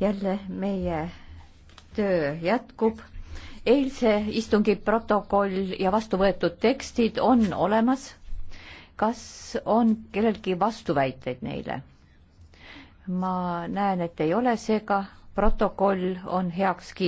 jälle meie töö jätkub. eilse istungi protokoll ja vastu võetud tekstid on olemas. kas on kellelgi vastuväiteid neile? ma näen, et ei ole, seega protokoll on heaks kiidetud.